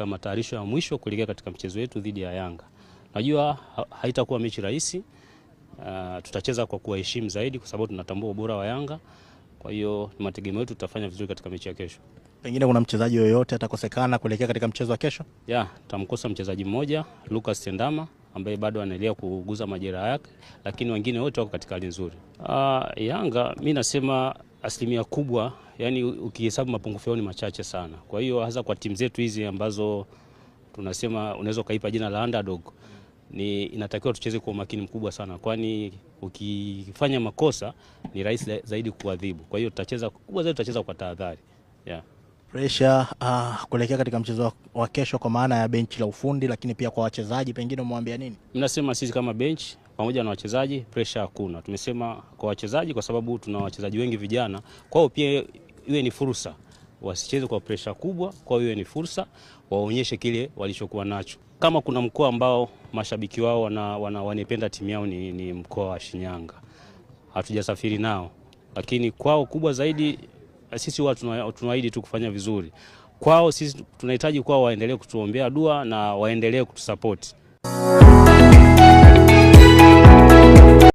katika matayarisho ya mwisho kuelekea katika mchezo wetu dhidi ya Yanga. Najua haitakuwa mechi rahisi. Uh, tutacheza kwa kuwaheshimu zaidi kwa sababu tunatambua ubora wa Yanga. Kwa hiyo ni mategemeo yetu tutafanya vizuri katika mechi ya kesho. Pengine kuna mchezaji yoyote atakosekana kuelekea katika mchezo wa kesho? Yeah, tutamkosa mchezaji mmoja Lucas Tendama ambaye bado anaendelea kuuguza majeraha yake, lakini wengine wote wako katika hali nzuri. Uh, Yanga mi nasema asilimia kubwa, yani ukihesabu mapungufu yao ni machache sana. Kwa hiyo hasa kwa timu zetu hizi ambazo tunasema unaweza ukaipa jina la underdog, ni inatakiwa tucheze kwa umakini mkubwa sana, kwani ukifanya makosa ni rahisi zaidi kuadhibu. Kwa hiyo tutacheza kubwa zaidi, tutacheza kwa tahadhari yeah. Presha uh, kuelekea katika mchezo wa kesho kwa maana ya benchi la ufundi, lakini pia kwa wachezaji, pengine umwambia nini? Mnasema sisi kama benchi pamoja na wachezaji, presha hakuna. Tumesema kwa wachezaji kwa sababu tuna wachezaji wengi vijana, kwao pia iwe ni fursa, wasicheze kwa presha kubwa, kwao iwe ni fursa, waonyeshe kile walichokuwa nacho. Kama kuna mkoa ambao mashabiki wao wana, wana, wanapenda timu yao ni, ni mkoa wa Shinyanga. Hatujasafiri nao, lakini kwao kubwa zaidi Eh, sisi huwa tunaahidi tu kufanya vizuri kwao. Sisi tunahitaji kwao waendelee kutuombea dua na waendelee kutusapoti.